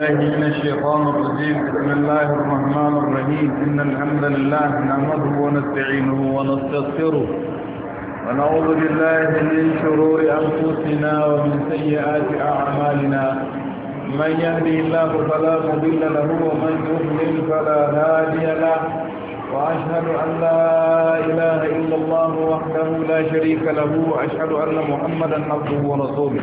من الشيطان الرجيم بسم الله الرحمن الرحيم إن الحمد لله نعمده ونستعينه ونستغفره ونعوذ بالله من شرور أنفسنا ومن سيئات أعمالنا من يهدي الله فلا مضل له ومن يضلل فلا هادي له وأشهد أن لا إله إلا الله وحده لا شريك له وأشهد أن محمدا عبده ورسوله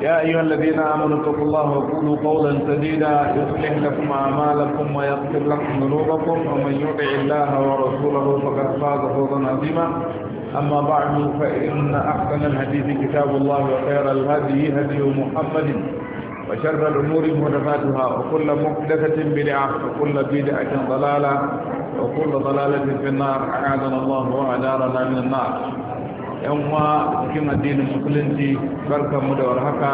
يا أيها الذين آمنوا اتقوا الله وقولوا قولا سديدا يصلح لكم أعمالكم ويغفر لكم ذنوبكم ومن يطع الله ورسوله فقد فاز فوزا عظيما أما بعد فإن أحسن الحديث كتاب الله وخير الهدي هدي محمد وشر الأمور محدثاتها وكل محدثة بدعة وكل بدعة ضلالة وكل ضلالة في النار أعاذنا الله وأجارنا من النار yan uwa cikin addinin musulunci barkan mu da warhaka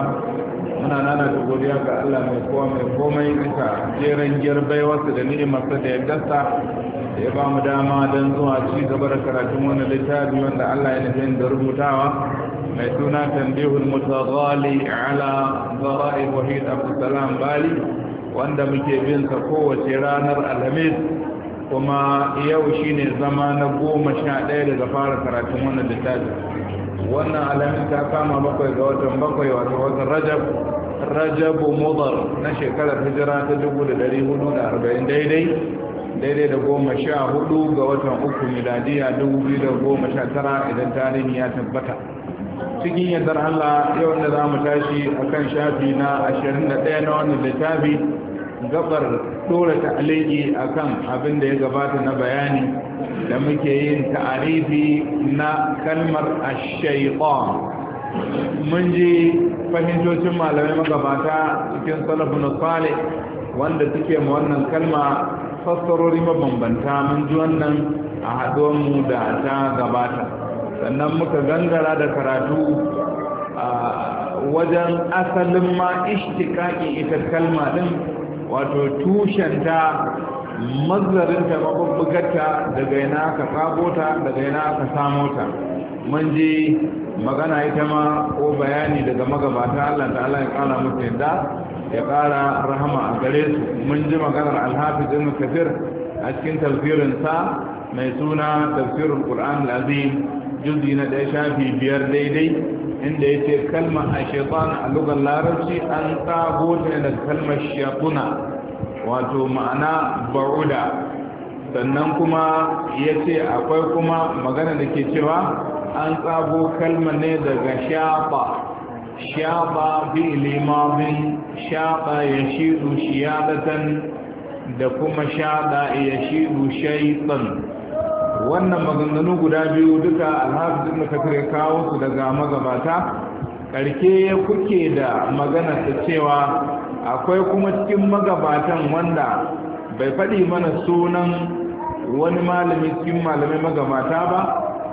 muna nana da godiya ga Allah mai kowa mai komai bisa jeren girbai wasu da ni'imarsa da yardarsa da ya ba mu dama don zuwa ci gaba da karatun wani littafi wanda Allah ya nufin da rubutawa mai suna tambihul mutazali ala zara'i wahid Salam bali wanda muke bin sa kowace ranar alhamis kuma yau shine zama na goma sha ɗaya daga fara karatun wannan littafi wannan alamin ta kama bakwai ga watan bakwai wato watan rajab rajabu mudar na shekarar hijira ta dubu da dari hudu da arba'in daidai daidai da goma sha hudu ga watan uku miladiya dubu biyu da goma sha tara idan tarihi ya tabbata cikin yadda allah yau da za mu tashi akan shafi na ashirin da ɗaya na wannan littafi gabar dora ta a kan abin da ya gabata na bayani da muke yin ta'arifi na kalmar ash mun ji fahimtocin malamai magabata cikin salafin salih wanda suke ma wannan kalma fassarori mabambanta mun ji wannan a haɗuwar mu da ta gabata sannan muka gangara da karatu a wajen asalin ma ishtiƙaƙi ita kalma din. wato tushenta mazarinta mabubbugarta daga yana ka sabo ta daga yana ka samo ta mun ji magana ita ma ko bayani daga magabata Allah ta Allah ya kara musu yadda ya kara rahama a gare su mun ji maganar alhafiz ibn kafir a cikin tafsirin sa mai suna tafsirul qur'an al-azim juzi na ɗaya shafi biyar daidai inda ya kalma a shaitan a lugar larabci an tsago ne daga kalmar shaituna wato ma'ana ba'uda sannan kuma yace akwai kuma magana da ke cewa an tsago kalma ne daga shafa shafa bi limamin shafa ya shidu shiyadatan da kuma shaɗa ya shidu shaitan wannan maganganu guda biyu duka alhafiz ibn kafir ya kawo su daga magabata karke ya kuke da magana ta cewa akwai kuma cikin magabatan wanda bai faɗi mana sunan wani malami cikin malamai magabata ba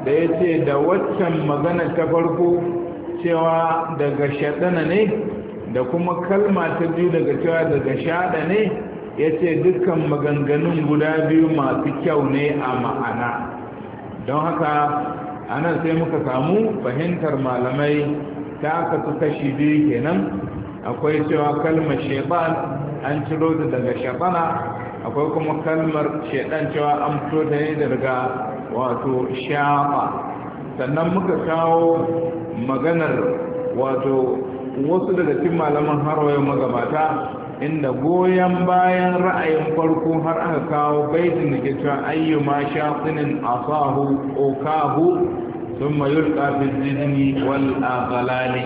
da ya ce da waccan magana ta farko cewa daga shaɗana ne da kuma kalma ta biyu daga cewa daga shaɗa ne ya ce dukkan maganganun guda biyu masu kyau ne a ma'ana don haka anan sai muka samu fahimtar malamai ta aka su kashi biyu kenan akwai cewa kalmar shaitan an ciro ta daga shaitana akwai kuma kalmar shaitan cewa an fito ta ne daga wato shafa sannan muka kawo maganar wato wasu daga cikin malaman harwayo magabata inda goyon bayan ra'ayin farko har aka kawo baitin da ke cewa ayyuma shaqinin asahu okahu thumma yulqa fi jidni wal aghlali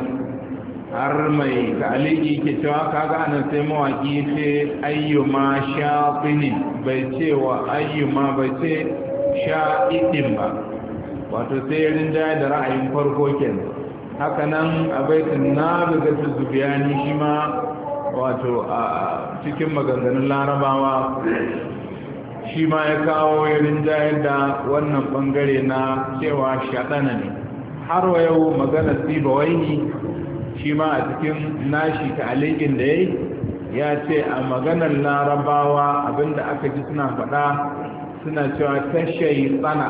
har mai ta'aliki ke cewa kaga gane sai mawaki ce ayyuma shaqinin bai ce wa ayyuma bai ce sha'idin ba wato sai rinjaye da ra'ayin farko kenan haka nan a baitin na buga zubiyani shi ma wato a cikin maganganun larabawa shi ma ya kawo ya jayar da wannan bangare na cewa shaɗana ne har wa yau magana sibawaini shi ma a cikin nashi ta alikin da ya ya ce a maganar larabawa abinda aka ji suna faɗa suna cewa ta tsana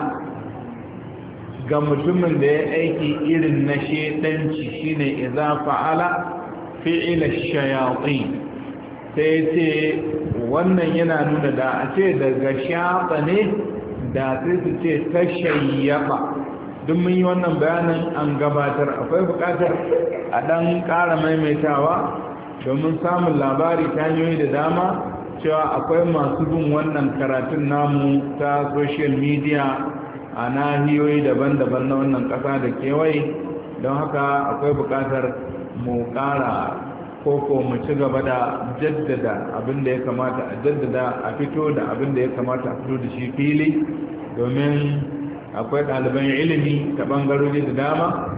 ga mutumin da ya aiki irin na shedanci shine iza fa'ala ash shayatin sai ce wannan yana nuna da a ce daga shafa ne da sai su ce ta shayyafa duk mun yi wannan bayanin an gabatar akwai bukatar a dan ƙara maimaitawa domin samun labari ta hanyoyi da dama cewa akwai masu bin wannan karatun namu ta social media a nahiyoyi daban-daban na wannan ƙasa da kewaye don haka akwai bukatar mu ƙara koko mu ci gaba da jaddada abin da ya kamata a jaddada a fito da abin da ya kamata a fito da shi fili domin akwai ɗaliban ilimi ta ɓangarori da dama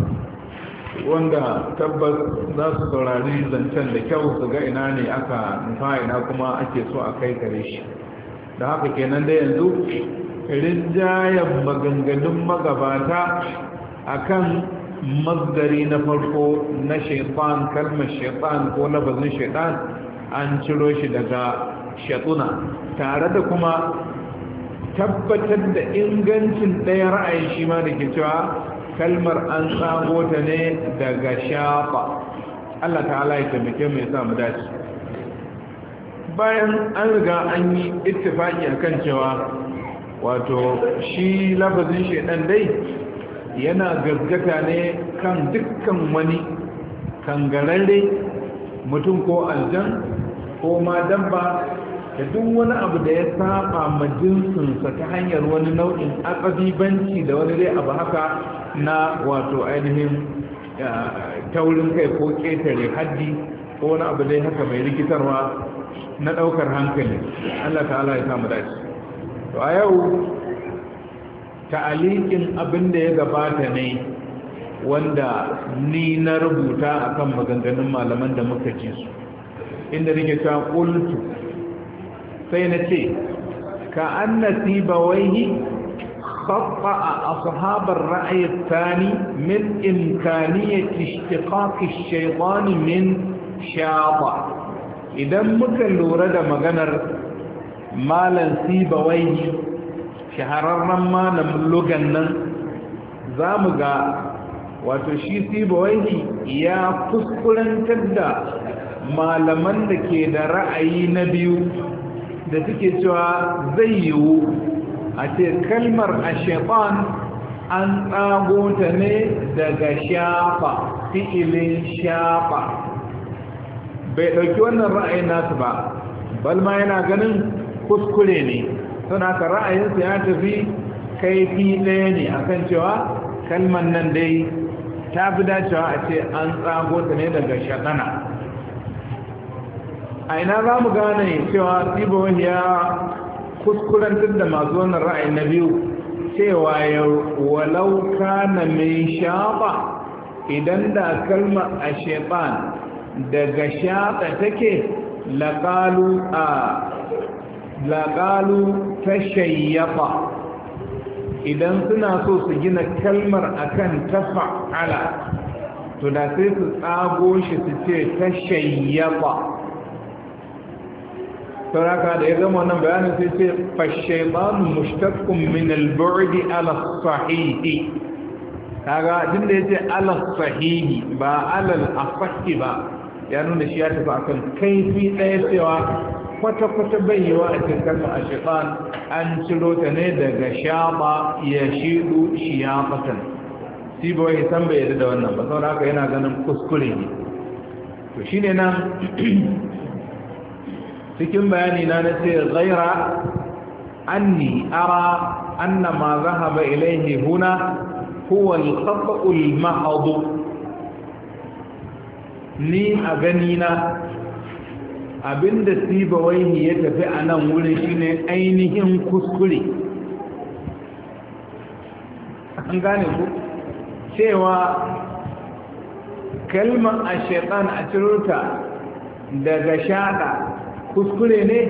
wanda tabbas za su saurari zancen da kyau su ga ina ne aka nufa ina kuma ake so a kai kare shi da haka kenan da yanzu rinjayen maganganun magabata akan masgari na farko na shaitan kalmar shaitan ko lafazin shaitan an ciro shi daga shaituna tare da kuma tabbatar da ingancin ɗaya ra'ayin shi ma da ke cewa kalmar an tsago ta ne daga shafa Allah ta'ala ya taimake mai sa mu dace bayan an riga an yi ittifaki akan cewa wato shi lafazin shaitan dai yana gaggata ne kan dukkan wani kangararre mutum ko aljan ko ma dabba da duk wani abu da ya saba ma jinsinsa ta hanyar wani nau'in banci da wani dai abu haka na wato ainihin taurin kai ko ketare haddi ko wani abu dai haka mai rikitarwa na ɗaukar hankali allah ta'ala ya samu dace to a yau ta'alikin abin da ya gabata ne wanda ni na rubuta akan maganganun malaman da muka ji su inda nake ta sai na ce ka annati bawaihi khata ashabar ra'yi thani min imkaniyati ishtiqaq ash min shaba idan muka lura da maganar malan sibawaihi shahararren malamin logan nan za mu ga wato shi sibawaihi ya kuskurantar da malaman da ke da ra'ayi na biyu da suke cewa zai yiwu a ce kalmar a an tsago ta ne daga shafa fi'ilin shafa bai ɗauki wannan ra'ayi nasu ba balma yana ganin kuskure ne suna ka ra'ayinsu ya tafi kaifi ɗaya ne akan cewa kalman nan dai ta fi dacewa a ce an tsago ta ne daga shaɗana a ina za mu gane cewa tibon ya kuskurantar da masu wannan ra'ayi na biyu cewa ya walau kana mai shafa idan da kalma a shaɓan daga shaɓa take laƙalu a laƙalu tashayyafa idan suna so su gina kalmar akan tafa'ala to da sai su tsago shi su ce tashayyafa sauraka da ya zama wannan bayanin sai ce fashaibanu mushtaqqun min al ala sahihi kaga din da yace ala sahihi ba ala al ba ya nuna shi ya tafi akan kaifi daya cewa kwata-kwata bayyawa a cikin a shekar an ciro ta ne daga shaɓa ya shiɗu shi ya fatan si ba wai san bai da wannan ba saboda haka yana ganin kuskure ne to shi ne nan cikin bayani na na ce an anni ara anna ma zahaba ilayhi huna huwa al-khata'u al-mahdhu ni a gani na. abinda sibawaini ya tafi a nan wurin shine ainihin kuskure an gane ku cewa kalmar a shekan a cirota daga shaɗa kuskure ne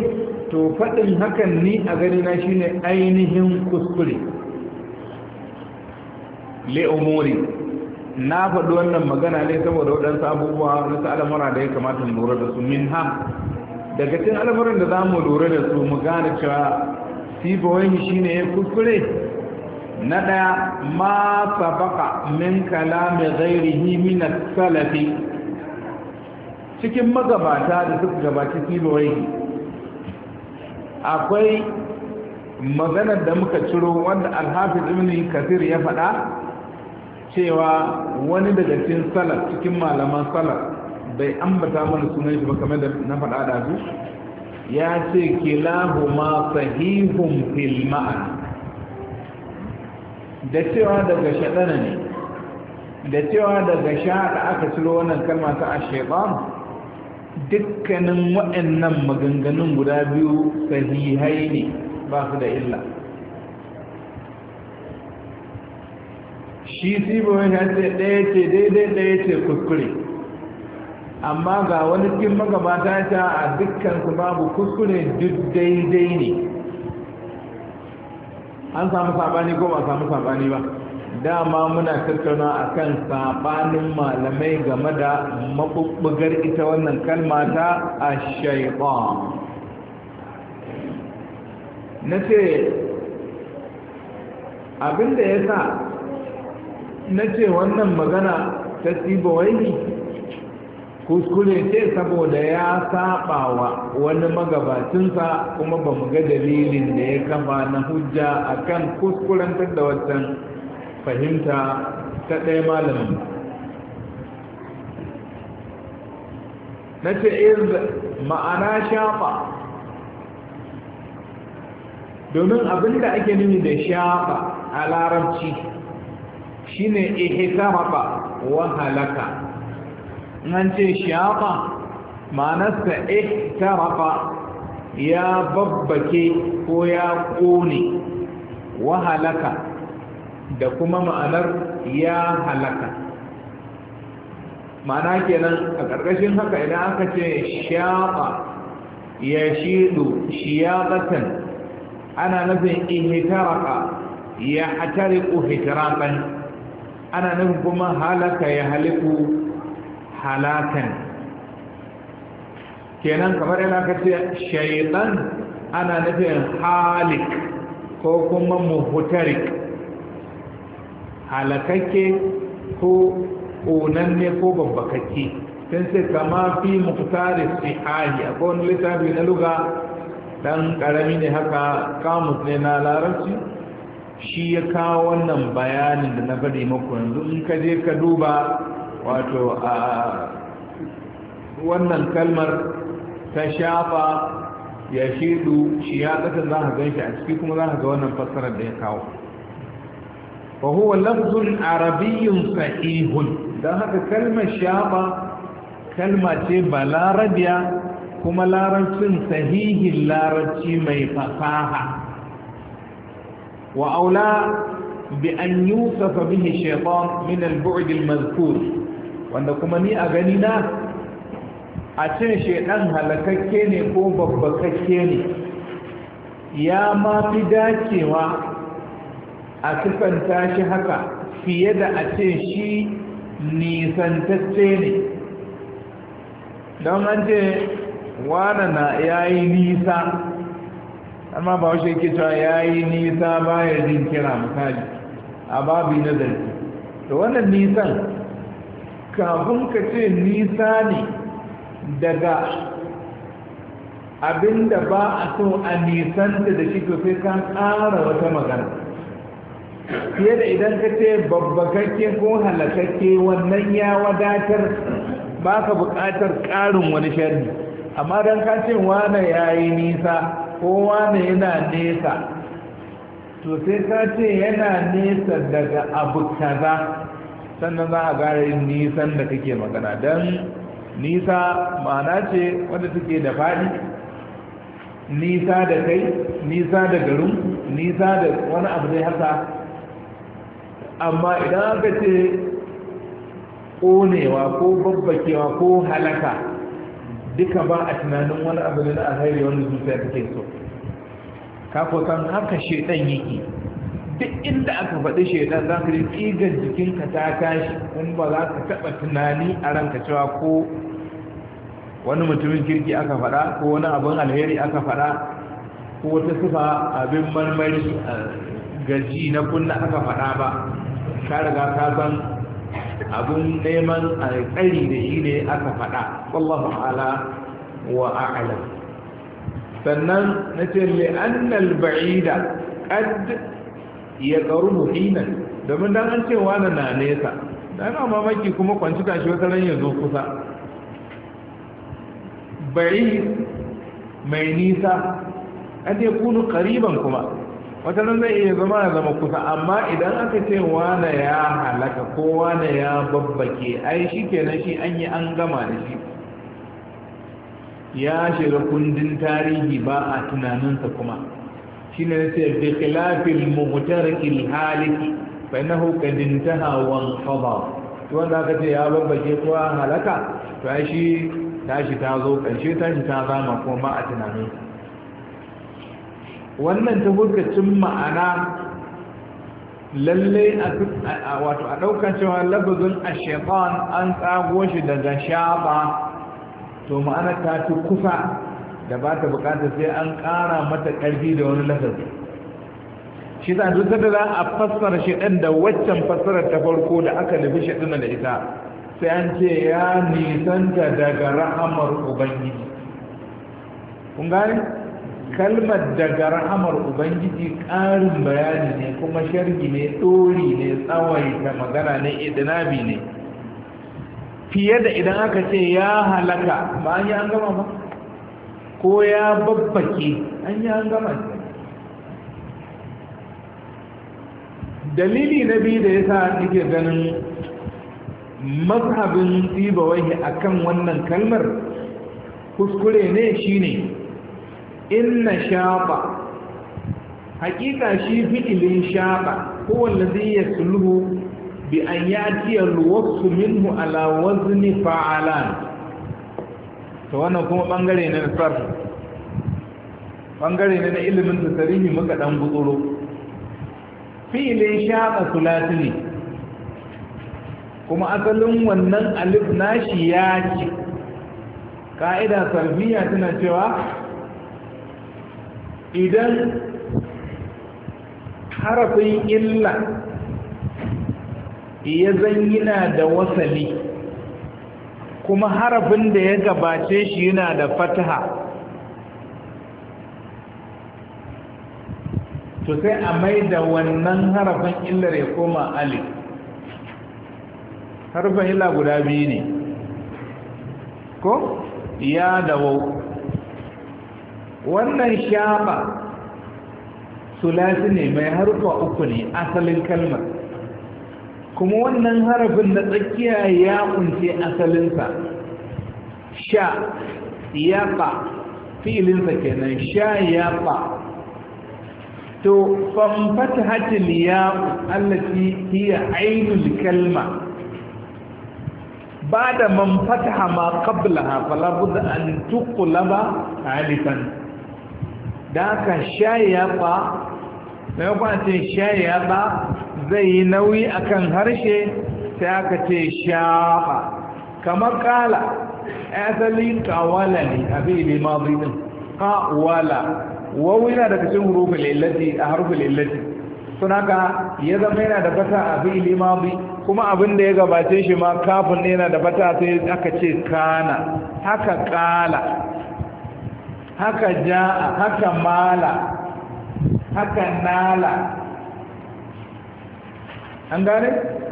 to faɗin hakan ni a ganina shine ainihin kuskure le'umuri na faɗi wannan magana ne saboda waɗansu abubuwa wasu al'amura da ya kamata mu lura da su min ha daga cikin al'amuran da za mu lura da su mu gane cewa wani shi ne ya kuskure na ɗaya ma sabaka min kalami ghairihi min salafi cikin magabata da suka gabaci wani akwai maganar da muka ciro wanda alhafiz ibn kasir ya faɗa cewa wani daga cikin Salat cikin malaman Salat bai ambata mana sunan shi ba kamar da na faɗa da su ya ce kilahu ma sahihun fil ma'an da cewa daga shaɗana ne da cewa daga shaɗa aka ciro wannan kalma ta ashaiban dukkanin waɗannan maganganun guda biyu sahihai ne ba su da illa shi sibowin ya ce ɗaya ce daidai ɗaya ce kuskure amma ga wani cikin magabata ta a dukkan su babu kuskure duk daidai ne an samu saɓani ko ba samu saɓani ba dama muna tattauna a kan saɓanin malamai game da maɓuɓɓugar ita wannan kalma ta ashaitan na ce abinda ya sa na ce wannan magana ta tsibawaini kuskure ce saboda ya saba wa wani magabacinsa kuma ba mu ga dalilin da ya kafa na hujja akan kuskuren da wancan fahimta ta ɗaya malamin na ce ma'ana shafa domin abinda ake nuni da shafa a larabci shine ihtaraka wa halaka nan ce shaqa ma'anarsa ihtaraka ya babbake ko ya ƙone wa halaka da kuma ma'anar ya halaka ma'ana kenan a ƙarƙashin haka idan aka ce shaƙa ya shiɗu ƙasar, ana nufin ihitaraka ya hatari hitaraqan ana nufin kuma halaka ya haliku halakan kenan kamar yana ka ce shaitan ana nufin halik ko kuma muhutarik halakakke ko ƙonanne ko babbakakke sun sai kama fi muhtari hali a kowane littafi na luga Dan ƙarami ne haka kamus ne na larabci shi ya kawo wannan bayanin da na bari maku yanzu in ka je ka duba wato a wannan kalmar ta shafa ya shidu shi ya ƙasa za ka gan shi a ciki kuma za ka ga wannan fassarar da ya kawo fa huwa lafzun arabiyyun sahihun dan haka kalmar shafa kalma ce ba larabiya kuma larabcin sahihin larabci mai fasaha وأولى بأن يوصف به الشيطان من البعد المذكور وأنكم أني أغنينا أتين شيطان هلككيني كو ببككيني يا ما في داكي أكفن تاشي هكا في يد أتين شي nisantaccene don an ce وانا na yayi nisa amma ba wasu yake cewa ya yi nisa baya jin kira misali a babu na zarfi da wannan nisan kafin ka ce nisa ne daga abinda ba a so a nisanta da shi sai ka ƙara wata magana fiye da idan ka ce babbakakke ko halakakke wannan ya wadatar ba ka buƙatar ƙarin wani sharri amma don ka ce wane ya yi nisa kowa ne yana nesa to sai ka ce yana nesa daga abu kaza sannan za a gara nisan da kake magana don nisa ma'ana ce wanda suke da faɗi nisa da kai nisa da garin nisa da wani abu zai haka amma idan aka ce ƙonewa ko babbakewa ko halaka duka ba a tunanin wani abu da na wani zuciya take so ka ko san haka shedan yake duk inda aka faɗi shaidan za ka ji tsigar jikinka ta tashi in ba za ka taɓa tunani a ranka cewa ko wani mutumin kirki aka faɗa ko wani abin alheri aka faɗa ko wata sufa abin marmari eh, gaji na kunna aka faɗa ba ka riga ka san Abin neman a da shi ne aka faɗa wallahu ala wa a'lam sannan na ce annal ba'ida qad yaqrubu hinan domin dan an ce wani na nesa dan mamaki kuma kwanci shi wata ran ya zo kusa ba'id mai nisa an yakunu qariban kuma wata nan zai iya zama ya zama kusa amma idan aka ce wane ya halaka ko wane ya babbake ai shi kenan shi an yi an gama da shi ya shiga kundin tarihi ba a tunaninsa kuma shi ne ce bi khilafil muhtarakil haliki fa innahu ta intaha wa wanda aka ce ya babbake ko halaka to ai shi tashi ta zo karshe tashi ta zama kuma ba a tunaninsa wannan ta cin ma'ana lalle a wato a ɗaukar cewa labazin a shaitan an tsago shi daga shaba to ma'ana ta fi kusa da ba ta bukata sai an ƙara mata ƙarfi da wani lafazi shi ta duk da za a fassara shi ɗin da waccan fassarar ta farko da aka nufi shi da ita sai an ce ya nisanta daga rahamar ubangiji kun gane kalmar daga rahamar ubangiji ƙarin bayani ne kuma shargi ne tsori ne tsawaita magana ne idinabi ne fiye da idan aka ce ya halaka ba an yi an gama ba ko ya babbake an yi an gama dalili na biyu da ya sa nake ganin mazhabin tsibawai a kan wannan kalmar kuskure ne shine inna shaba hakika shi fi'ilin shaba ko wallazi yasluhu bi an yati alwasu minhu ala wazni fa'alan to wannan kuma bangare ne na sar bangare ne na ilimin tarihi muka dan buzuro fi'ilin shaba sulati kuma asalin wannan alif nashi ya ce ka'ida salmiya tana cewa idan harafin illa ya zan yana da wasali kuma harafin da ya gabace shi yana da fataha to sai a mai da wannan harafin illar ya koma alif harafin illa guda biyu ne ko ya da wau wannan shafa sulasi ne mai harfa uku ne asalin kalmar kuma wannan harafin na tsakiya ya kunce asalinsa sha yafa fi'ilinsa kenan sha yafa to famfata hatin ya allaci hiya ainul kalma ba da manfata ma qablaha fala budda an tuqlaba alifan da haka shayaba maimakon ce ba zai yi nauyi akan harshe sai aka ce shaba kamar kala asali kawala ne a fi limazi din kawala wawu yana daga cikin hurufin illati a harufin illati suna ka ya zama yana da fata a bai lima limazi kuma abin da ya gabace shi ma kafin yana da fata sai aka ce kana haka kala haka ja'a haka mala haka nala an gane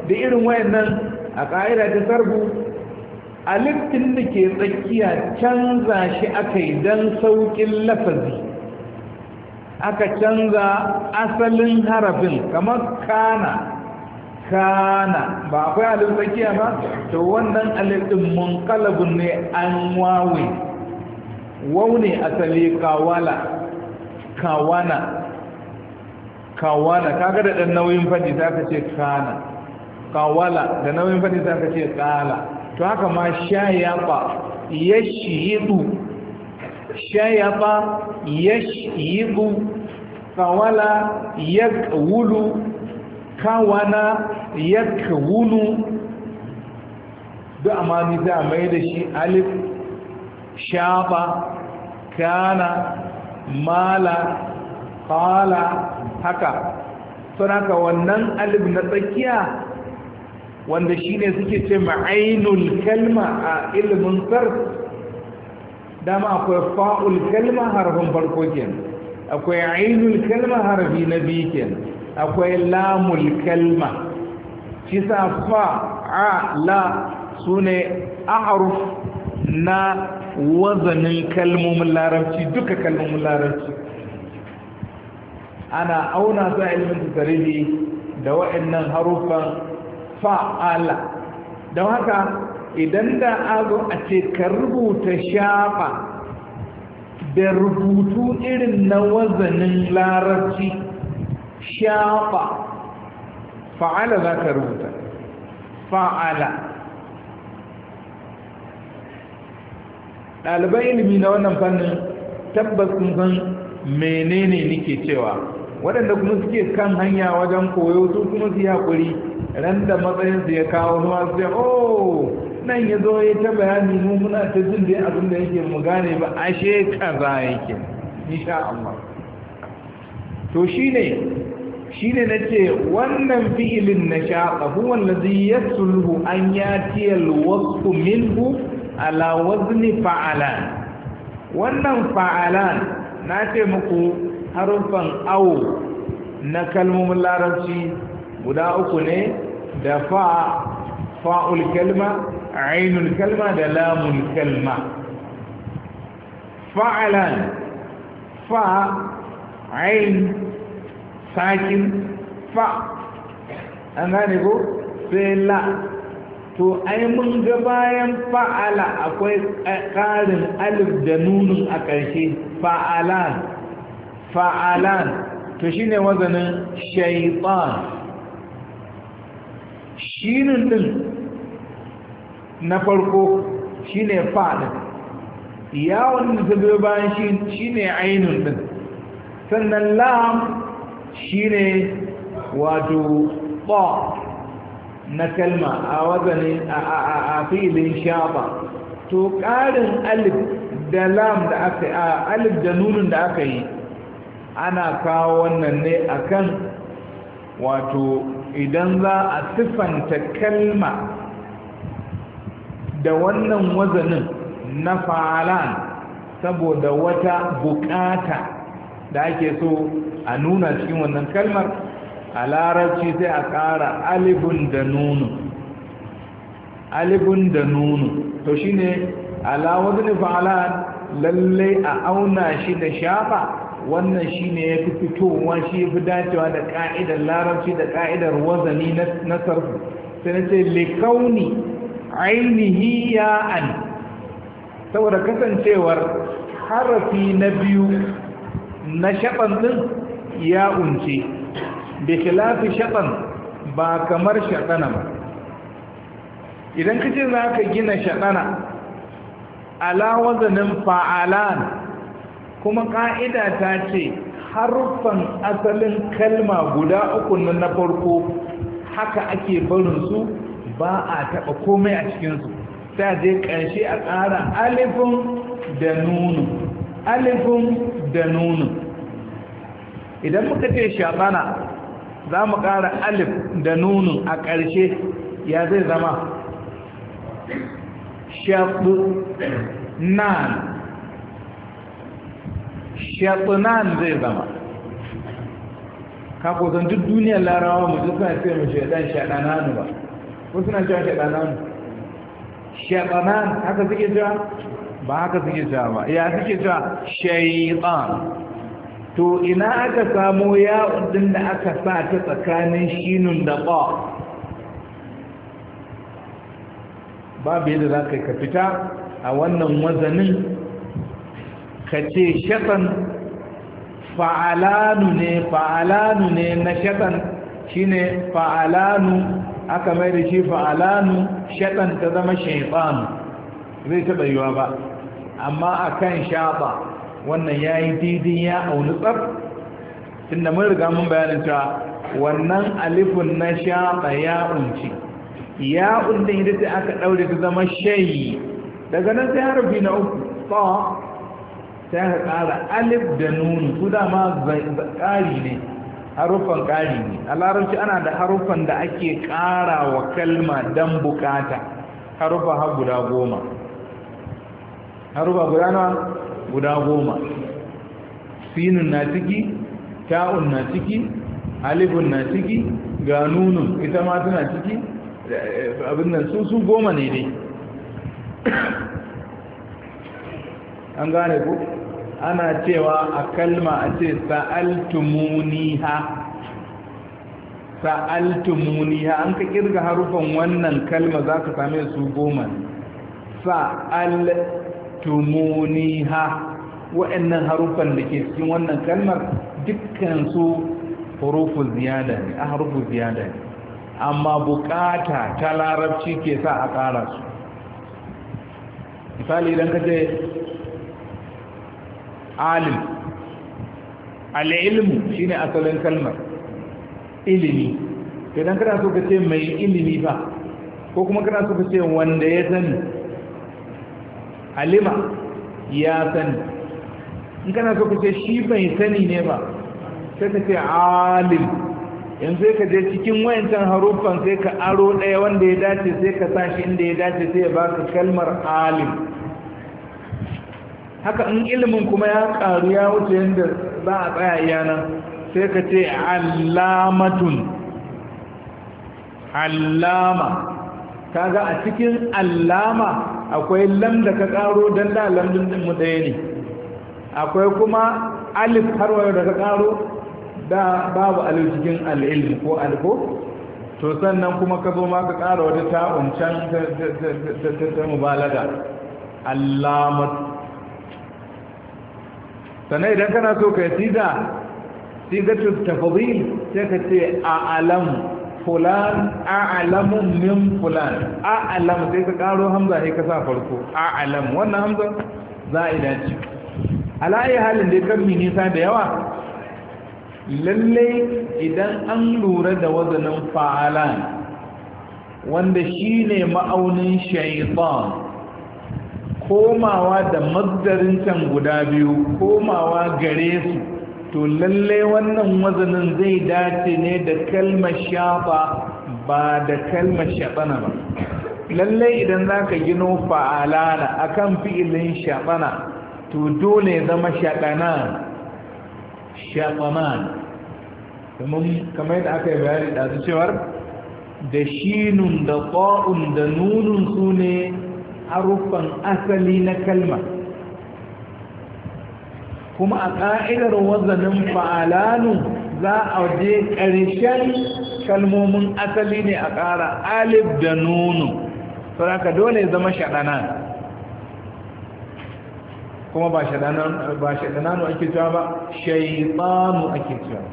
da irin nan, a ƙa'ida ta sarbu littin da ke tsakiya canza shi aka yi don sauƙin lafazi aka canza asalin harafin kamar kana kana ba akwai alif tsakiya ba to wannan alif din munqalabun ne an wawe waune asali kawala kawana kawana kaga da dan nauyin fadi za ka ce kana kawala da nauyin fadi za ka ce kala to haka ma shayaba yashidu shayaba yashidu kawala yakwulu kawana yakwulu duk amma ni za mai da shi alif shafa kana mala kala haka sun haka wannan alif na tsakiya wanda shine ne suke ce ma'ainul kalma a ilimin Da dama akwai fa'ul kalma harfin farko akwai ainul kalma harfi na biyu akwai lamul kalma shi sa fa a la su ne a na wazanin kalmomin larabci duka kalmomin larabci ana auna za a ilimin tarihi da waɗannan harufan fa'ala don haka idan da azo a ce ka rubuta shafa da rubutu irin na wazanin larabci shafa fa'ala za ka rubuta fa'ala ɗaliban ilimi na wannan fannin tabbas sun san menene nike cewa waɗanda kuma suke kan hanya wajen koyo su kuma su haƙuri ran da matsayinsu ya kawo zuwa su oh nan ya zo ya ta bayani mu muna ta jin dai abin da yake mu gane ba ashe kaza yake insha Allah to shine shine nace wannan fi'ilin na huwa allazi yasluhu an yatiya al minhu ala wazni fa'alan wannan fa'alan na ce muku harufan awo na kalmomin larabci guda uku ne da fa fa'ul kalma ainul kalma da lamul kalma fa'alan fa ain sakin fa an gane ko sai la to ai mun ga bayan fa'ala akwai ƙarin alif da nunin a ƙarshe fa'alan fa'alan to shine wazanin shaitan shinin din na farko shine fa'alin yawon da ta biyo bayan shine ainihin din sannan lam shine wato ba na kalma a wazanin a filin shafa to ƙarin alif da lam da aka a alif da nunin da aka yi ana kawo wannan ne akan wato idan za a siffanta kalma da wannan wazanin na fa'alan saboda wata bukata da ake so a nuna cikin wannan kalmar a larabci sai a ƙara alifin da nunu Alifin da nunu to shi ne alawadun fa'alan lallai a auna shi da shafa wannan shi ne ya fi fitowa shi ya fi dacewa da ƙa'idar larabci da ƙa'idar wazani na sarfu sai na ce likauni ainihi saboda kasancewar harafi na biyu na shaɓan ɗin ya unce bi khilafi shaɗan ba kamar shaɗana ba idan kace za ka gina shaɗana ala wazanin fa'alan kuma ƙa'ida ta ce harfan asalin kalma guda uku na farko haka ake barinsu ba a taɓa komai a cikinsu ta je ƙarshe a ƙara alifin da nunu alifin da nunu idan muka ce shaɗana za mu ƙara alif da nunun a ƙarshe ya zai zama shaɗu nan nan zai zama kakosan duk duniyar larawa mu duk suna ce mu shaɗan shaɗananu ba ko suna cewa shaɗananu shaɗanan haka suke cewa ba haka suke cewa ba ya suke cewa shaiɗan to ina aka samo ya'un din da aka sa ta tsakanin shinun da Ba babu yadda za ka fita a wannan wazanin ka ce shatan fa'alanu ne fa'alanu ne na shatan shine fa'alanu aka mai da shi fa'alanu shatan ta zama shaifanu zai taɓa yiwa ba amma akan shaɓa wannan ya yi daidai ya auli tsar tunda mun riga mun bayanin cewa wannan alifun na shafa ya unci ya unci da sai aka ɗaure ta zama shayi daga nan sai harafi na uku ta sai aka ƙara alif da nunu su dama ƙari ne haruffan ƙari ne a larabci ana da haruffan da ake ƙara wa kalma don bukata haruffa har guda goma haruffa guda nawa guda goma sinun na ciki ta'un na ciki alifun na ciki ga nunun ita ma tana ciki abin nan su su goma ne dai an gane ku ana cewa a kalma a ce sa'altumuniha sa'altumuniha an ka kirga harufan wannan kalma za ka same su goma sa'al tumuniha wa'annan harufan da ke cikin wannan kalmar dukkan su hurufu ziyada ne a harufu ziyada ne amma bukata ta larabci ke sa a ƙara su misali idan ka ce alim al'ilmu shi ne asalin kalmar ilimi idan kana so ka ce mai ilimi ba ko kuma kana so ka ce wanda ya sani alima ya sani in kana so ka ce shi bai sani ne ba sai ka ce alim yanzu ka je cikin wayancan haruffan sai ka aro ɗaya wanda ya dace sai ka sa shi inda ya dace sai ya baka kalmar alim haka in ilimin kuma ya karu ya wuce yadda za a tsaya yana sai ka ce allamatun allama kaga a cikin allama akwai lam da ka karo don da lam din mu ɗaya ne akwai kuma alif har wayo da ka karo da babu alif cikin al'ilm ko alko to sannan kuma ka zo ma ka kara wata ta'un can ta mubalaga allamat sannan idan kana so ka yi sida siga ta fadil sai ka ce a alamu fulan a'lamu min fulan a'lamu sai ka karo hamza sai ka sa farko a'lamu wannan hamza za'ida ce ala halin da kan nisa da yawa lalle idan an lura da wazanin fa'alan wanda shine ma'aunin shaytan komawa da maddarin can guda biyu komawa gare su to lalle wannan mazanin zai dace ne da kalmar shafa ba da kalmar shaɓana ba lalle idan za ka gino fa'alana akan fi'ilin shaɓana to dole zama shaɗana shaɓaman kamar yadda aka yi bayani ɗazu cewar da shinun da ƙwa’un da nunun su ne haruffan asali na kalmar kuma a ka'idar wazanin fa'alanu za a je ƙarshen kalmomin asali ne a ƙara alif da nunu saraka dole zama shaɗana kuma ba shaɗana nu ake cewa ba shaitanu ake cewa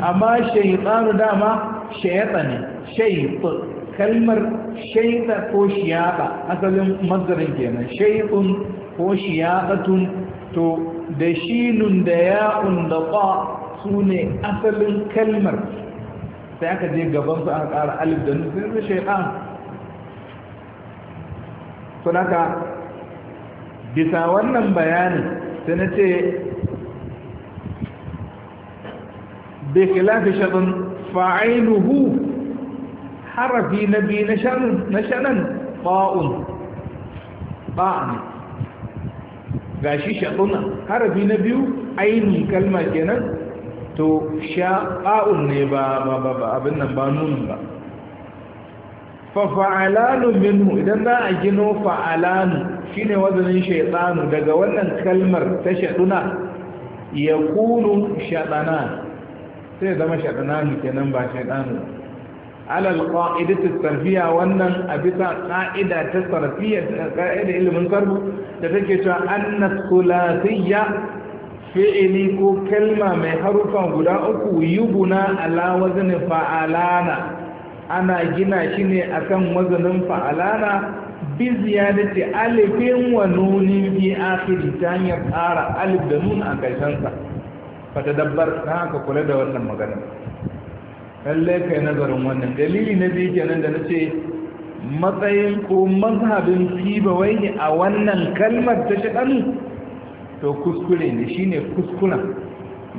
amma shaitanu dama shaita ne shaita kalmar shaita ko shiyaɗa asalin mazarin kenan shaitun ko shiyaɗatun to da shinun da ya'un da ba su ne asalin kalmar sai aka je gaban su ƙara alif da nufin da shaiɗan su naka bisa wannan bayanin su na ce bai kilafi shaɗin fa'iluhu harafi na biyu na shanan ba'un gashi shaɗuna harafi na biyu aini kalma kenan to sha'a'un ne ba abin nan ba nunin ba fa'alanu minhu idan za a gino fa'alanu shine wazanin shaitanu daga wannan kalmar ta shaduna ya kunu sai zama shaɗananu kenan ba shaɗanu alal qa'idatu tarbiya wannan a bisa ka'ida ta tarbiya qa'ida ilimin karbu da take cewa anna sulasiyya fi'ili ko kalma mai harufa guda uku yubuna ala wazni fa'alana ana gina shi ne akan wazanin fa'alana bi ziyadati alifin wa nunin fi akhir ta hanyar alif da nun a ƙarshensa fa tadabbar haka kula da wannan magana lalle kai nazarin wannan dalili na biyu kenan da nace matsayin ko mazhabin ne a wannan kalmar ta shaɗanu to kuskure ne shine kuskuna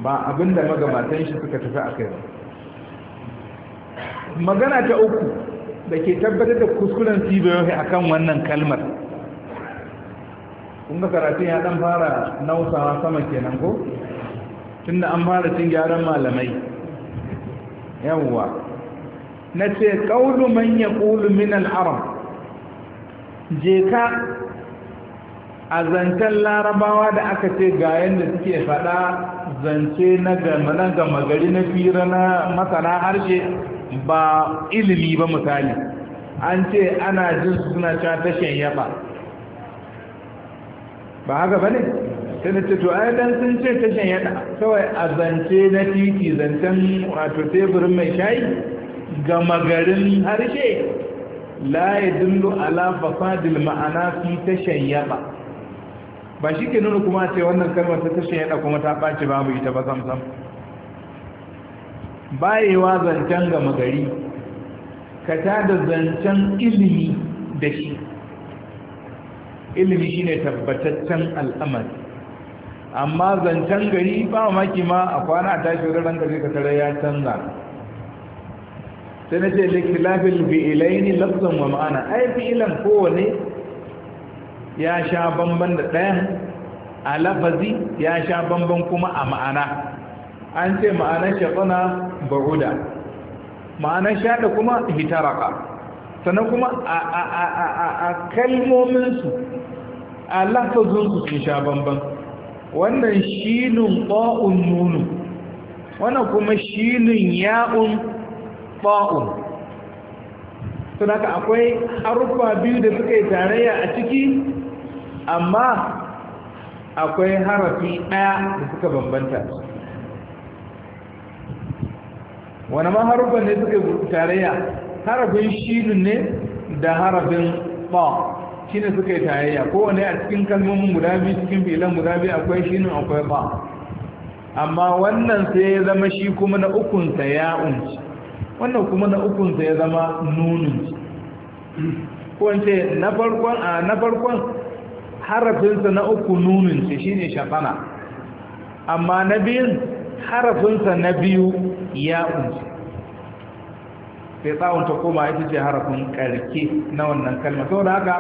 ba abinda magabatan shi suka tafi a kai ba magana ta uku da ke tabbatar da kuskuren sibawai a kan wannan kalmar kun ga karatun ya ɗan fara nausawa sama kenan ko tunda an fara cin gyaran malamai yawwa na ce ƙaunu man ya ƙulu min al’aram je ka a zancen larabawa da aka ce ga yadda suke faɗa zance na gama gari na fira na masana harshe ba ilimi ba misali an ce ana jin suna cewa tashin yaba ba haka ba ne sai na ce to ai dan sun ce tashan yana kawai a zance na titi zancen wato teburin mai shayi gama garin harshe la ya dillu ala fasadil ma'ana fi tashan yada ba shi ke nuna kuma ce wannan kalmar ta tashan yada kuma ta ɓaci babu ita ba samsam bayewa zancen gama gari ka da zancen ilimi da shi ilimi shine tabbataccen al'amari amma zancen gari ba maki ma a kwana a tashi wurin gari ka katara ya canza sai na ce likilafin bi ilaini lafzan wa ma'ana ai fi'ilan kowane ya sha bamban da ɗayan a lafazi ya sha bamban kuma a ma'ana an ce ma'anar shaƙuna ba'uda ma'anar shaɗa kuma hitaraka sannan kuma a kalmominsu a lafazinsu sun sha bamban wannan shinin ba'un nunu wannan kuma shinin ya'un ba'un sun haka akwai harufa biyu da suka yi tarayya a ciki amma akwai harafi ɗaya da suka bambanta wani ma harufan ne suka yi tarayya harafin shinin ne da harafin ba shine suka yi tayayya kowane a cikin kalmomin guda biyu cikin filan guda biyu akwai shine akwai ba amma wannan sai ya zama shi kuma na ukunsa ya unci wannan kuma na ukunsa ya zama nunun ko ce na farkon a na farkon harafinsa na uku nunun shi shine shafana amma na biyun harafinsa na biyu ya unci sai tsawon ta koma ita ce harafin karke na wannan kalma da haka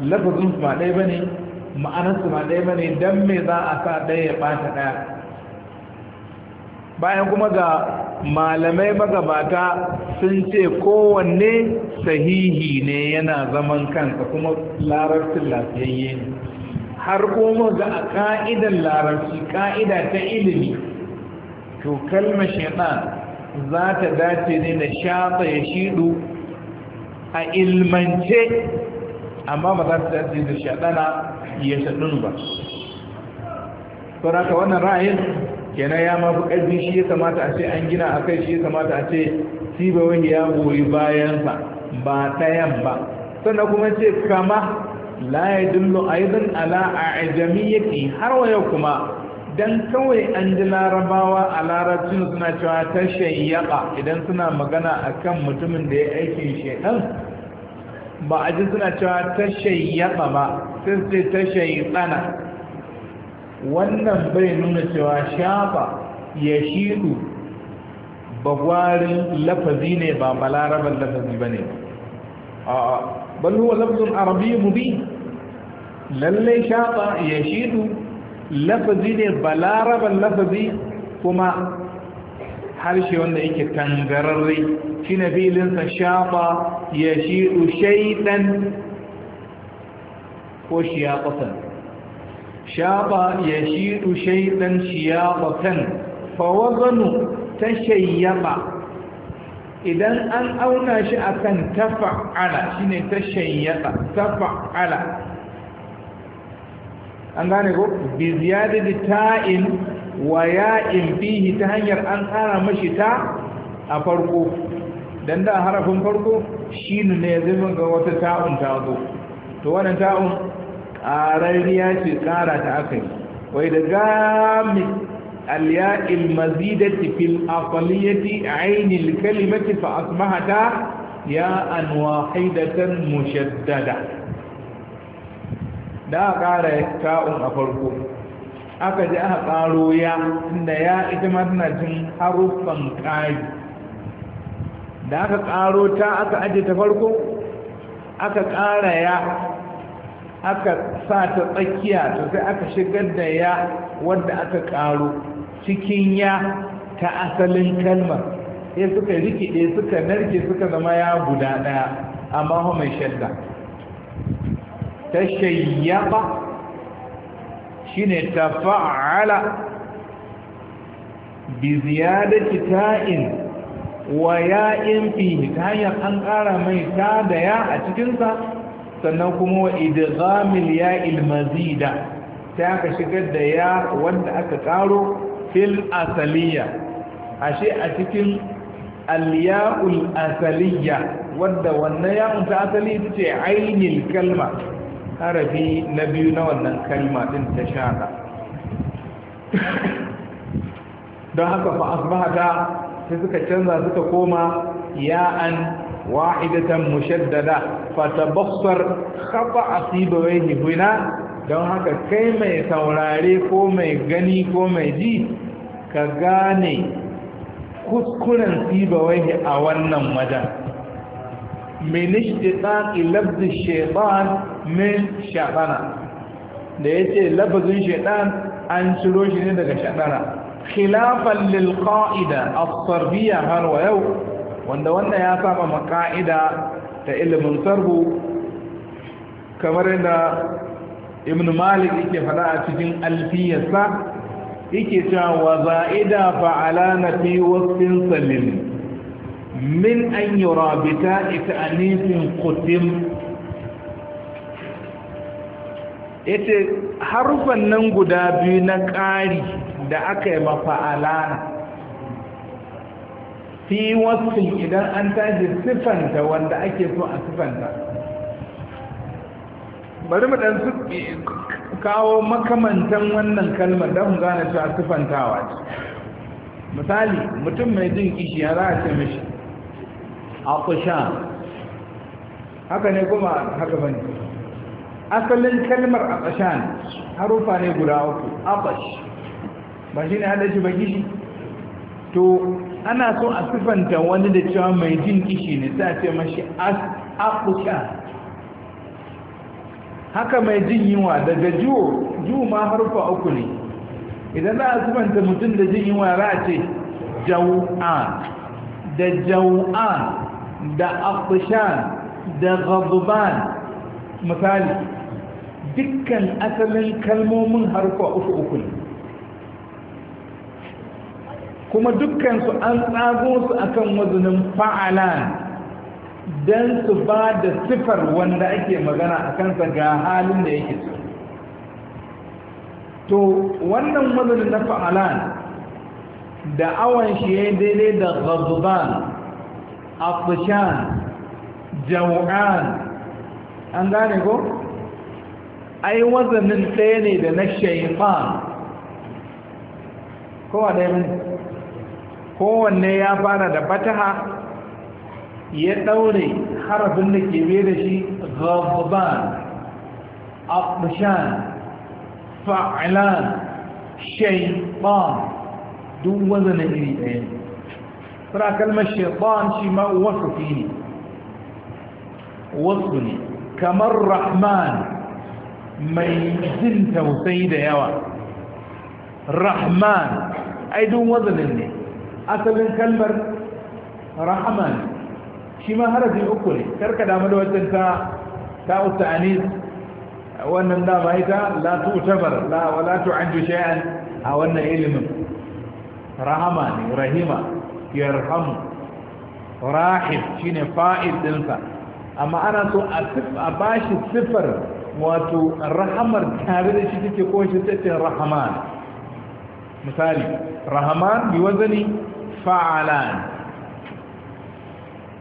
lafazin su ba ɗaya ba ne ma'anar su ba ɗaya ba ne don me za a sa ɗaya ya bata ɗaya bayan kuma ga malamai magabata sun ce kowanne sahihi ne yana zaman kansa kuma larabcin lafiyayye ne har kuma ga a ka'idan larabci ka'ida ta ilimi to kalmar shaitan za ta dace ne na shafa ya shiɗu a ilmance amma ba za ta dace da shaɗana ya shaɗin ba sauraka wannan ra'ayin kenan ya mafi ƙarfi shi ya kamata a ce an gina a kai shi ya kamata a ce sibawai ya goyi bayansa ba ɗayan ba sannan kuma ce kama la ya dillo aizin ala a ke har wa yau kuma dan kawai an ji larabawa a larabcin suna cewa ta shayyaka idan suna magana akan mutumin da ya aikin shaidan ba a ji suna cewa ta shayyaka ba sai sai ta shayyana wannan bai nuna cewa shafa ya shidu bagwarin lafazi ne ba balaraban lafazi ba ne a'a bal huwa lafzun arabiyyun mubin lallai shafa ya shidu lafazi ne balaraban lafazi kuma harshe wanda yake tangararre shi na filinsa shafa ya shi shaidan ko shiyaɓatan shafa ya shi shaidan shiyaɓatan fawazanu ta shayyaba idan an auna shi akan tafa'ala shine ta shayyaba tafa'ala an gane ko bi ziyadati ta'in wa ya'in fihi ta hanyar an tsara mashi ta a farko dan da harafin farko shi ne zai ga wata ta'un ta zo to wannan ta'un ƙarariya ce tsara ta aka yi wai da gami alya'il mazidati fil aqliyati ainil kalimati fa asmahata ya anwahidatan mushaddada da aka ƙara ta'un a farko aka ji aka ƙaro ya inda ya ita matnacin haruffan ƙari da aka ƙaro ta aka aje ta farko aka ƙara ya aka sa ta tsakiya to sai aka shigar da ya wadda aka ƙaro cikin ya ta asalin kalmar sai suka rikide suka narke suka zama ya guda ɗaya amma mai shadda tashayyaqa shine tafa'ala bi ziyadati ta'in wa ya'in fihi ta hanyar an ƙara mai ta da a cikinsa sannan kuma wa idghamil ya'il mazida ta aka shigar da ya wanda aka ƙaro fil asaliya ashe a cikin al-ya'ul asaliya wanda wannan ya'un ta asali ita ce ainil kalma harafi na biyu na wannan kalma din ta shaɗa don haka fa asbahata sai suka canza suka koma ya'an wa'idatan mushaddada fatabassar khata asibawaihi huna don haka kai mai saurare ko mai gani ko mai ji ka gane kuskuren wani a wannan wajen min ishtiqaqi lafzi shaytan min shaɗana da ya ce lafazin shaɗan an ciro shi ne daga shaɗana khilafan lil qa'ida as-sarbiya har wa yau wanda wanda ya saba ma ka'ida ta ilimin sarbu kamar yadda ibn malik yake faɗa a cikin alfiyarsa yake cewa wa za'ida fa'ala na fi wasfin salim min an ita a nufin qutim ya ce harufan nan guda biyu na ƙari da aka yi mafa'alana fi wasu idan an tashi siffanta wanda ake so a siffanta bari mu ɗan kawo makamantan wannan kalmar don gane a siffantawa ce misali mutum mai jin kishi ya za a mishi a haka ne kuma haka bane asalin kalmar ƙashan harufa ne guda uku abash ba shi ne hada shi ba kishi to ana so a sifanta wani da cewa mai jin kishi ne sai a ce mashi akusha haka mai jin yunwa daga juwo juwo ma harufa uku ne idan za a sifanta mutum da jin yunwa za a ce jau'an da jau'an da akushan da gazuban misali dukkan asalin kalmomin harfa uku uku ne kuma dukkansu an tsago su akan wazunin fa'ala don su ba da sifar wanda ake magana a kansa ga halin da yake so to wannan wazunin na fa'alan da awon shi ya daidai da ghazban afishan jaw'an an gane ko? ai wazanin ɗaya ne da na shaifan kowa ɗaya ne kowanne ya fara da fataha ya ɗaure harafin da ke biye da shi ghazban abshan fa'lan shaytan duk wazanin iri ɗaya ne sura kalmar shaytan shi ma wasu ne wasu ne kamar rahman mai jin tausayi da yawa rahman aidun wazanin ne asalin kalmar rahman shi ma harafin uku ne karka damu da wajen ta ta wannan dama ita la tu'tabar la wala tu'anju shay'an a wannan ilimin rahama ne rahima yarhamu rahim shine fa'il ɗinsa. amma ana so a bashi sifar wato rahamar tare da shi take ko shi rahaman misali rahaman bi wazani fa'alan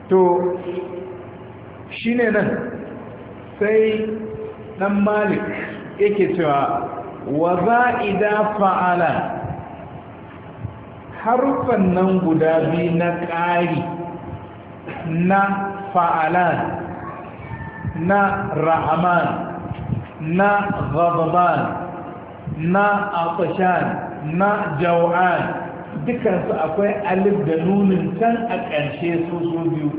to shine nan sai dan malik yake cewa wa za'ida fa'alan harfan nan guda biyu na ƙari na fa'alan na rahaman na ghadaban na atashan na jaw'an dukansu akwai alif da nunin can a ƙarshe su su biyu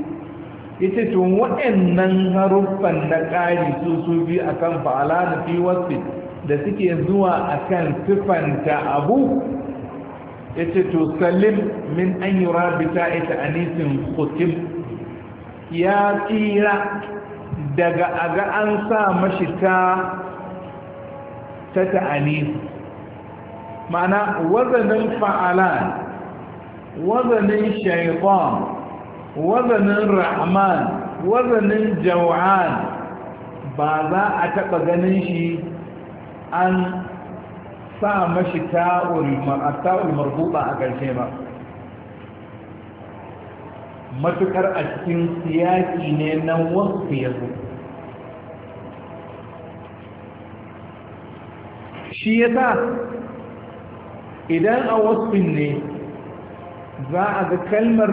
ita tun waɗannan haruffan na ƙari su su biyu a kan fa'ala da fi wasu da suke zuwa a kan siffanta abu ita ce salim min an yi rabita ita anisin kutib ya tsira daga aga an sa mashi ta ta ta'ani ma'ana wazanin fa'alan wazanin shaitan wazanin rahman wazanin jaw'an ba za a taɓa ganin shi an sa mashi ta'ul marbuta a ƙarshe ba matukar a cikin siyaki ne na wasu ya zo shi ya sa idan a wasfin ne za a ga kalmar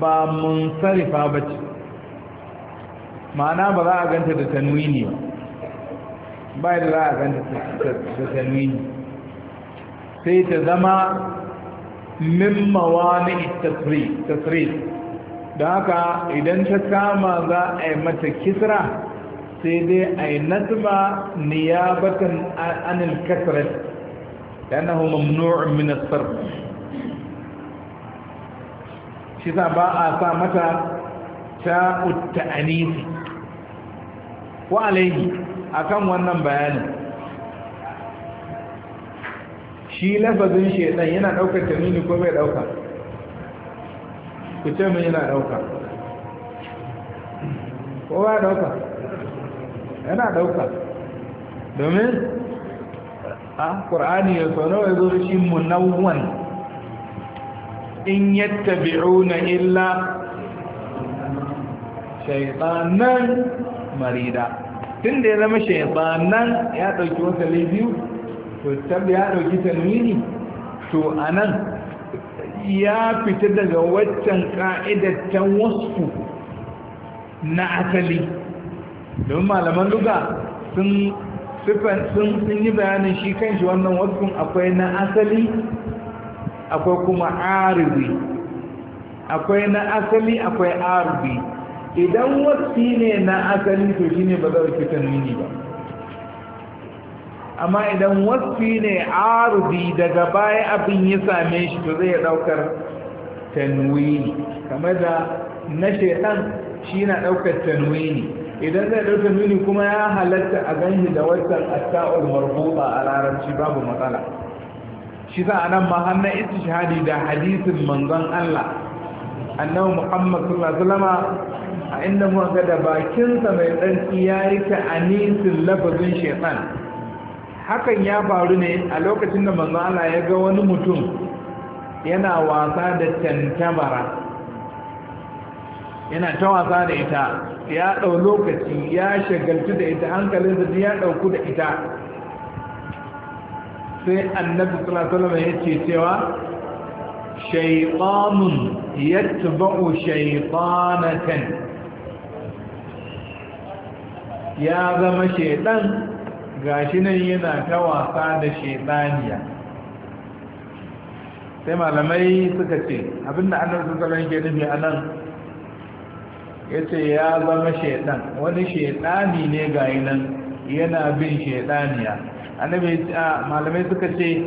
ba mun sarifa ba ce ma'ana ba za a ganta da tanwini ba ba da za a ganta da tanwini sai ta zama min mawani tasri da haka idan ta kama za a yi mata kisra sai dai a yi nasba niyabatan anil kasarar yanahu mamnu'un min as shi sa ba a sa mata ta'ut ta'anisi ko alaihi akan wannan bayanin shi lafazin shaidan yana daukar tamini ko mai dauka ku ce min yana dauka ko ba dauka yana dauka domin a ƙur'ani ya sau nawa ya zo shi munawwan in yadda bi'una illa shaitanan marida tun da ya zama shaitanan ya ɗauki wata biyu to tabbi ya ɗauki tanwini to a nan ya fita daga waccan ka'idar wasu na asali domin malaman duka sun yi bayanin shi kan shi wannan wasfin akwai na asali akwai kuma arzi akwai na asali akwai arzi idan wasfi ne na asali to shi ne ba za su tanwini ba amma idan wasfi ne arzi daga baya abin ya same shi to zai daukar tanwini kamar da na shaidan shi na daukar tanwini idan zai ɗauka nuni kuma ya halatta a ganshi da wancan asta'ul marbuta a larabci babu matsala shi za a nan ma hannun shahadi da hadisin manzon Allah annabi Muhammad sallallahu alaihi wasallam a inda muka ga da bakinsa mai tsarki yayi ta anisin lafazin shaytan hakan ya faru ne a lokacin da manzon Allah ya ga wani mutum yana wasa da tantabara yana ta wasa da ita ya ɗau lokaci ya shagaltu da ita hankalinsa ya ɗauku da ita sai annabi sallallahu ya ce cewa ya tuba'u shaitanatan ya zama shaiɗan gashi nan yana ta wasa da shaiɗaniya sai malamai suka ce abinda annabi sallallahu ya ke nufi a nan yace ya zama shaidan wani shaidani ne ga nan yana bin annabi a malamai suka ce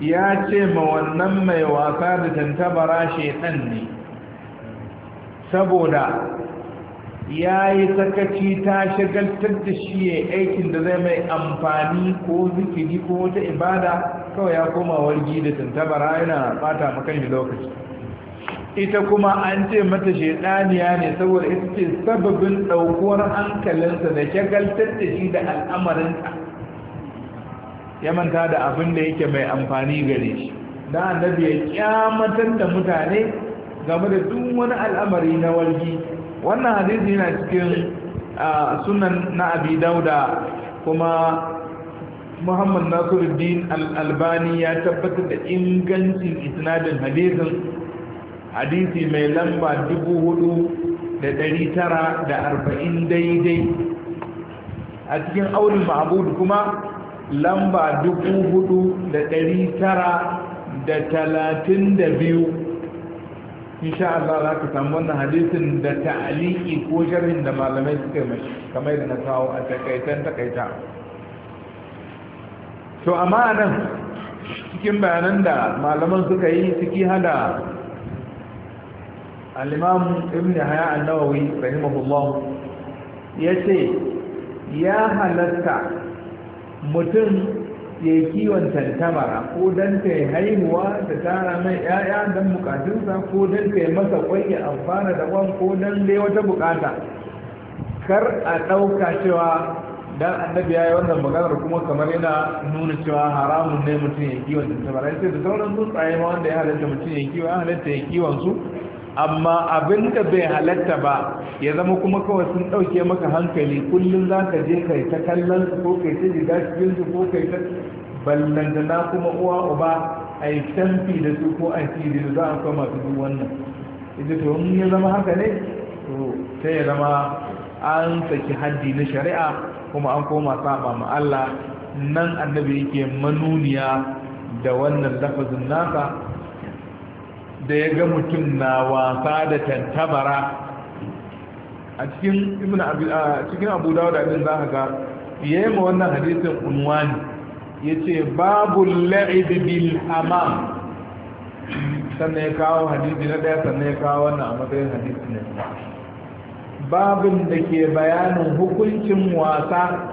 ya ce ma wannan mai wasa da tantabara shaidan ne saboda ya yi sakaci ta shagaltar da shi ya aikin da zai mai amfani ko zikiri ko wata ibada kawai ya koma wargi da tantabara yana bata makan lokaci ita kuma an ce mata shaidaniya ne saboda ita ce sababin ɗaukuwar hankalinsa da shagaltar da shi da al'amarinsa ya manta da abin da yake mai amfani gare shi da annabi ya kyamatar da mutane game da duk wani al'amari na walgi wannan hadisi yana cikin sunan na abi dauda kuma muhammad nasiruddin albani ya tabbatar da ingancin isnadin hadisin hadisi mai lamba dubu hudu da dari tara da arba'in daidai a cikin aurin Mahabudu kuma lamba dubu hudu da dari tara da talatin da biyu insha Allah za ka samu wannan hadisin da ta'aliki ko sharhin da malamai suka yi mashi kamar yadda na kawo a takaitan takaita to amma nan cikin bayanan da malaman suka yi suke hada al-imam ibn haya an-nawawi rahimahullah yace ya halatta mutum ya yi kiwon tantamara ko don ta yi haihuwa da tara mai ‘ya'ya don bukatunsa ko don ta yi masa kwai amfana da wan ko don dai wata bukata kar a ɗauka cewa dan annabi ya yi wannan maganar kuma kamar yana nuna cewa haramun ne mutum ya kiwon tantamara sai da sauran tsuntsaye ma wanda ya halatta mutum ya kiwon ya halatta ya kiwon su amma abin da bai halatta ba ya zama kuma kawai sun ɗauke maka hankali kullum za ka je kai ta kallon su ko kai ta jiga cikin su ko kai ta ballantana kuma uwa uba a yi tamfi da su ko a yi da za a kai masu duk wannan ita to mun ya zama haka ne to ta ya zama an saki haddi na shari'a kuma an koma saba ma Allah nan annabi yake manuniya da wannan lafazin nasa da ya ga mutum na wasa da tantabara a cikin ibn cikin abu dawud abin za ka ga fiye ma wannan hadisin unwani yace babu la'ib bil amam sannan ya kawo hadisi na daya sannan ya kawo wannan a matsayin hadisi ne babin da ke bayanin hukuncin wasa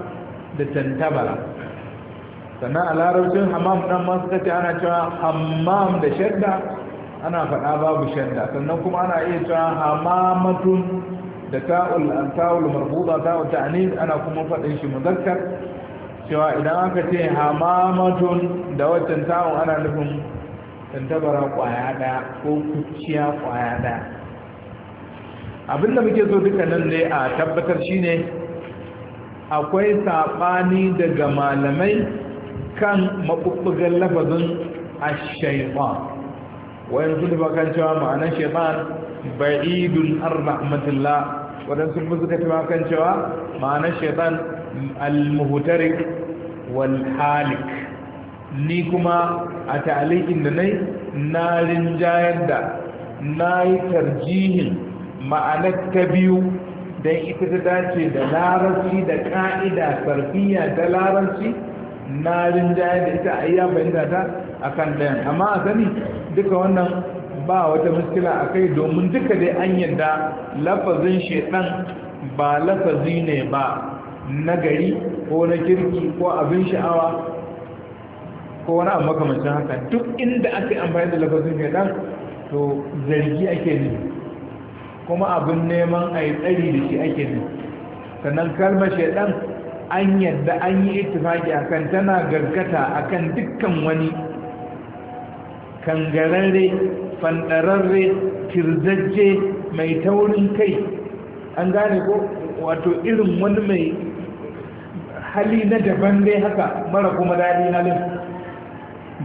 da tantabara sannan a larabcin hamam dan masu kace ana cewa hamam da shadda ana faɗa babu shadda sannan kuma ana iya cewa hamamatun da ta'ul ta'ul marbuda ta'ul ta'anis ana kuma faɗin shi muzakkar cewa idan aka ce hamamatun da waccan ta'ul ana nufin tantabara kwaya ɗaya ko kuciya kwaya ɗaya abinda muke so duka nan ne a tabbatar shine akwai saɓani daga malamai kan maɓuɓɓugan lafazin ashaiwa wayan su da kan cewa ma'anar shaitan ba'idun ar rahmatillah wadan sun fi suka cewa kan cewa ma'anar shaitan al-muhtarik wal halik ni kuma a ta'alikin da nai na rinjayar da na yi tarjihin ma'anar ta biyu don ita ta dace da larabci da ka'ida sarfiya da larabci na rinjayar da ita a iya bayyana ta akan ɗayan amma a sani duka wannan ba wata muskila a kai domin duka dai an yadda lafazin shaidan ba lafazi ne ba na gari ko na kirki ko abin sha'awa ko wani abu makamancin haka duk inda ake amfani da lafazin shaidan to zargi ake ne kuma abin neman a yi tsari da shi ake ne sannan kalmar shaidan an yadda an yi ittifaki akan tana gargata akan dukkan wani kangararre fandararre kirzajje mai taurin kai an gane ko wato irin wani mai hali na daban dai haka mara kuma daɗi halin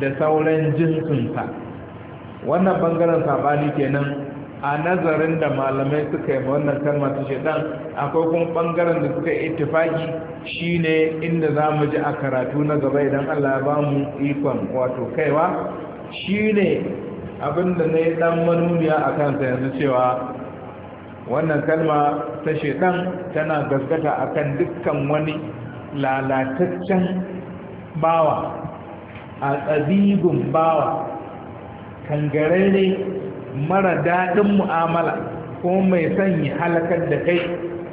da sauran jinsinsa wannan bangaren sabani kenan a nazarin da malamai suka yi wannan kalma ta shaidan akwai kuma bangaren da suka yi ittifaki shine inda za mu ji a karatu na gaba idan allah ya ba ikon wato kaiwa shi ne abinda na yi ɗan manuniya a kansa yanzu cewa wannan kalma ta shaidan tana gaskata akan dukkan wani lalataccen bawa a tsabigun bawa kangararre mara daɗin mu'amala ko mai sanyi halakar da kai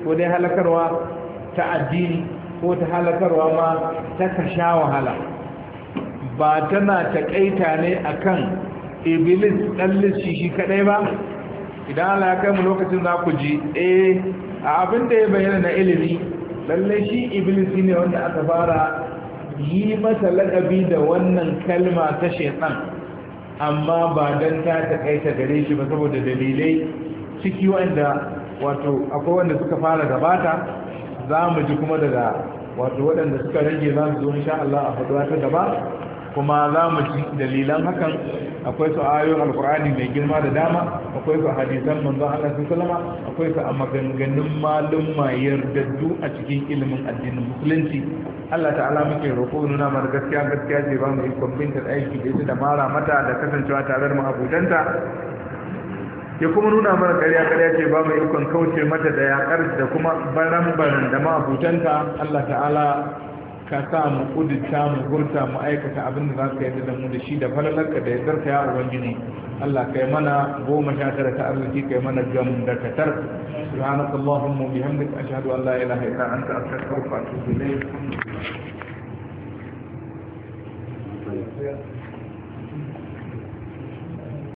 ko dai halakarwa ta addini ko ta halakarwa ma ta sha wahala ba tana taƙaita ne akan iblis ɗan shi kaɗai ba idan Allah ya kai mu lokacin za ku ji eh a abin da ya bayyana na ilimi lallai shi iblis ne wanda aka fara yi masa lakabi da wannan kalma ta shaitan amma ba dan ta takaita gare shi ba saboda dalilai ciki wanda wato akwai wanda suka fara gabata za mu ji kuma daga wato waɗanda suka rage za su zo insha Allah a faɗuwa ta gaba kuma za mu ci dalilan hakan akwai su ayoyin alkur'ani mai girma da dama akwai su hadisan manzon Allah sallama akwai su a maganganun malumma yardaddu a cikin ilimin addinin musulunci Allah ta'ala muke roƙo nuna mana gaskiya gaskiya ce ba mu ikon da aiki da ita da mara mata da kasancewa tare da mahabutanta ya kuma nuna mana ƙarya ƙarya ce ba mu ikon kauce mata da yaƙar da kuma baran baran da mahabutanta Allah ta'ala ka sa mu kudita mu gurta mu aikata abin da za ka yarda da mu da shi da falalarka da yardarka ya ubangiji Allah kai mana goma sha tara ta arziki kai mana gam da katar subhanaka allahumma bihamdika ashhadu an la ilaha illa anta astaghfiruka wa atubu ilayk